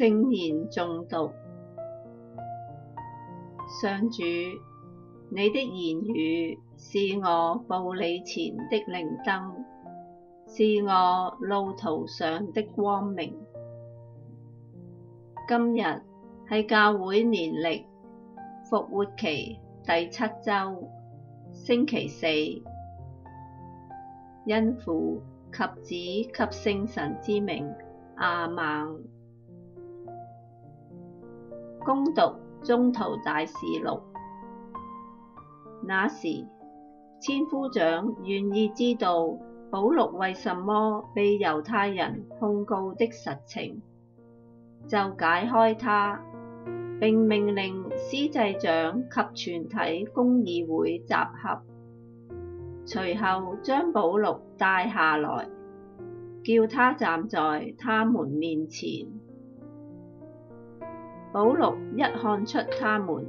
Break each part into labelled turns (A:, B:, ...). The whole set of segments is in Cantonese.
A: 聖言誦讀。上主，你的言語是我步履前的靈燈，是我路途上的光明。今日係教會年曆復活期第七周，星期四。因父及子及聖神之名，阿們。恭讀《宗徒大事錄》。那時，千夫長願意知道保祿為什麼被猶太人控告的實情，就解開他，並命令司祭長及全體公議會集合。隨後將保祿帶下來，叫他站在他們面前。保祿一看出他們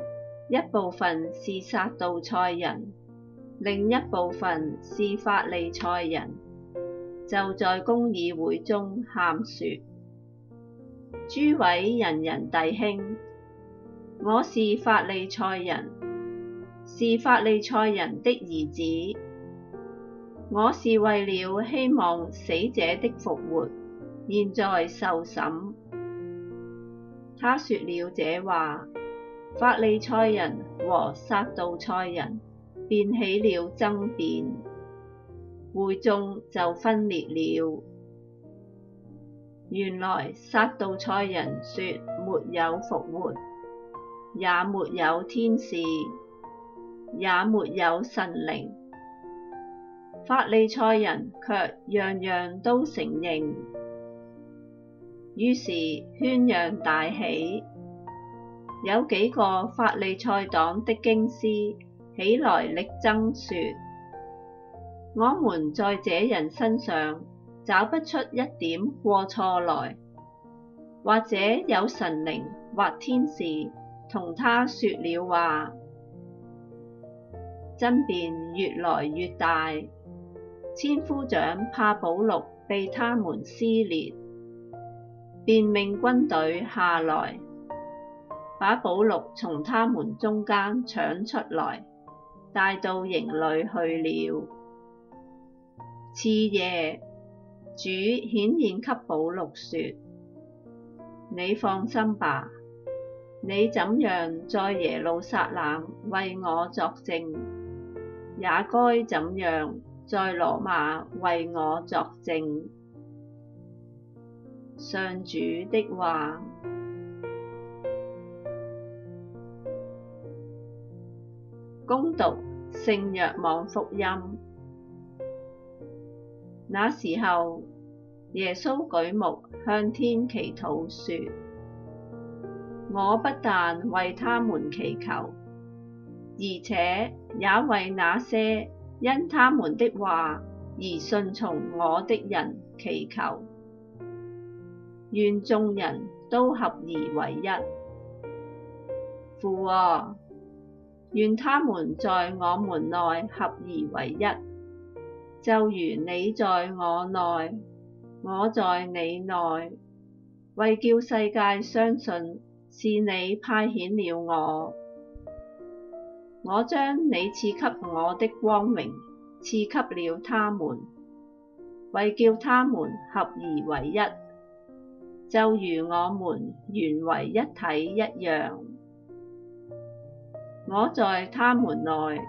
A: 一部分是撒杜塞人，另一部分是法利塞人，就在公議會中喊説：「諸位仁人弟兄，我是法利塞人，是法利塞人的兒子，我是為了希望死者的復活，現在受審。他說了這話，法利塞人和撒杜塞人便起了爭辯，會眾就分裂了。原來撒杜塞人說沒有復活，也沒有天使，也沒有神靈；法利塞人卻樣樣都承認。於是喧嚷大起，有幾個法利塞黨的經師起來力爭，說：我們在這人身上找不出一點過錯來，或者有神靈或天使同他說了話。爭辯越來越大，千夫長怕保祿被他們撕裂，便命軍隊下來，把保祿從他們中間搶出來，帶到營裏去了。次夜，主顯現給保祿說：「你放心吧，你怎樣在耶路撒冷為我作證，也該怎樣在羅馬為我作證。上主的話，恭讀聖若望福音。那時候，耶穌舉目向天祈禱，說：我不但為他們祈求，而且也為那些因他們的話而信從我的人祈求。願眾人都合而為一，父啊，願他們在我們內合而為一，就如你在我內，我在你內，為叫世界相信是你派遣了我，我將你賜給我的光榮賜給了他們，為叫他們合而為一。就如我們原為一體一樣，我在他們內，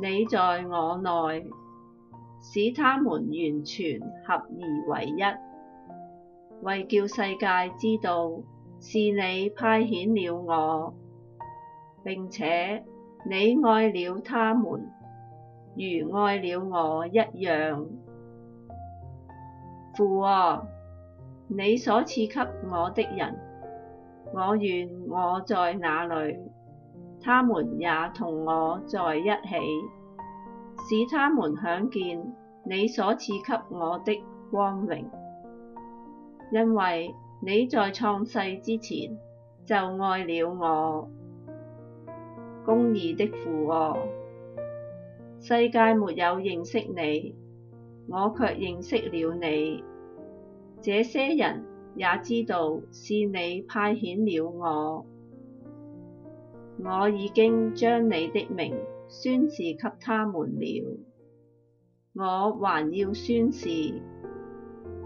A: 你在我內，使他們完全合而為一，為叫世界知道是你派遣了我，並且你愛了他們，如愛了我一樣。父啊！你所賜給我的人，我願我在那裏，他們也同我在一起，使他們享見你所賜給我的光榮，因為你在創世之前就愛了我。公義的父啊！世界沒有認識你，我卻認識了你。這些人也知道是你派遣了我，我已經將你的名宣示給他們了。我還要宣示，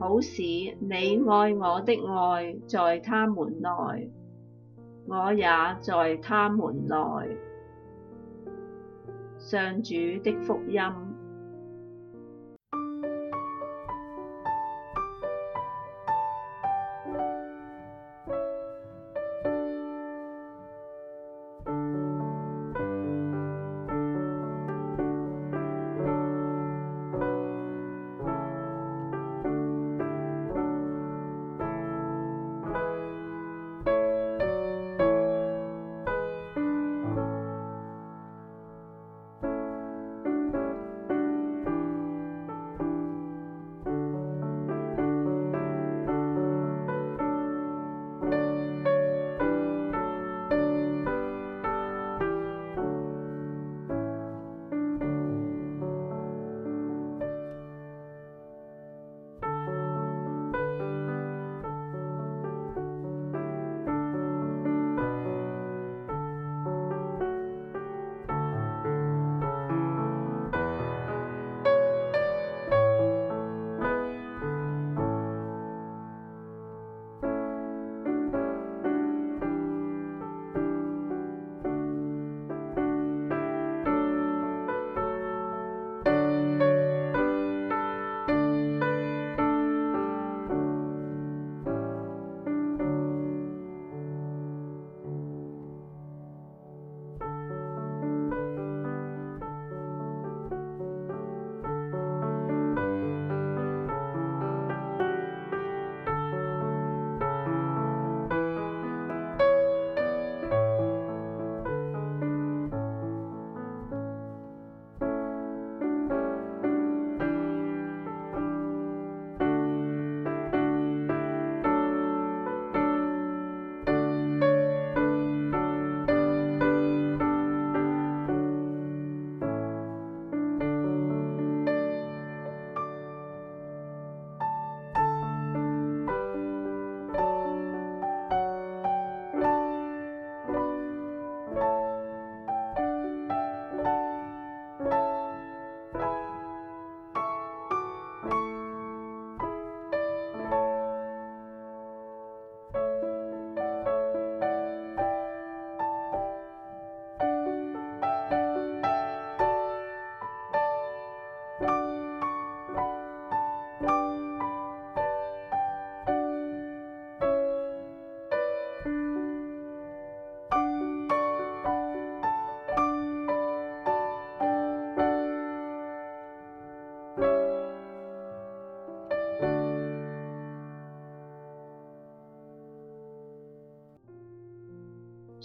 A: 好使你愛我的愛在他們內，我也在他們內。上主的福音。